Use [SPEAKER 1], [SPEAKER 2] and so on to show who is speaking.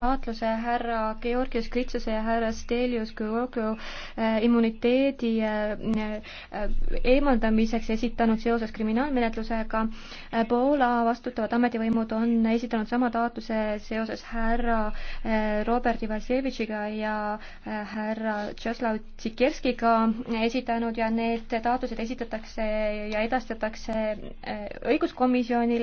[SPEAKER 1] taotluse härra Georgios Kritsuse ja härra Stelios Georgiou äh, immuniteedi äh, äh, eemaldamiseks esitanud seoses kriminaalmenetlusega. Äh, Poola vastutavad ametivõimud on esitanud sama taotluse seoses härra äh, Robert Ivaševitšiga ja äh, härra Tšoslav Tsikerskiga esitanud ja need taotlused esitatakse ja edastatakse äh,
[SPEAKER 2] õiguskomisjonile.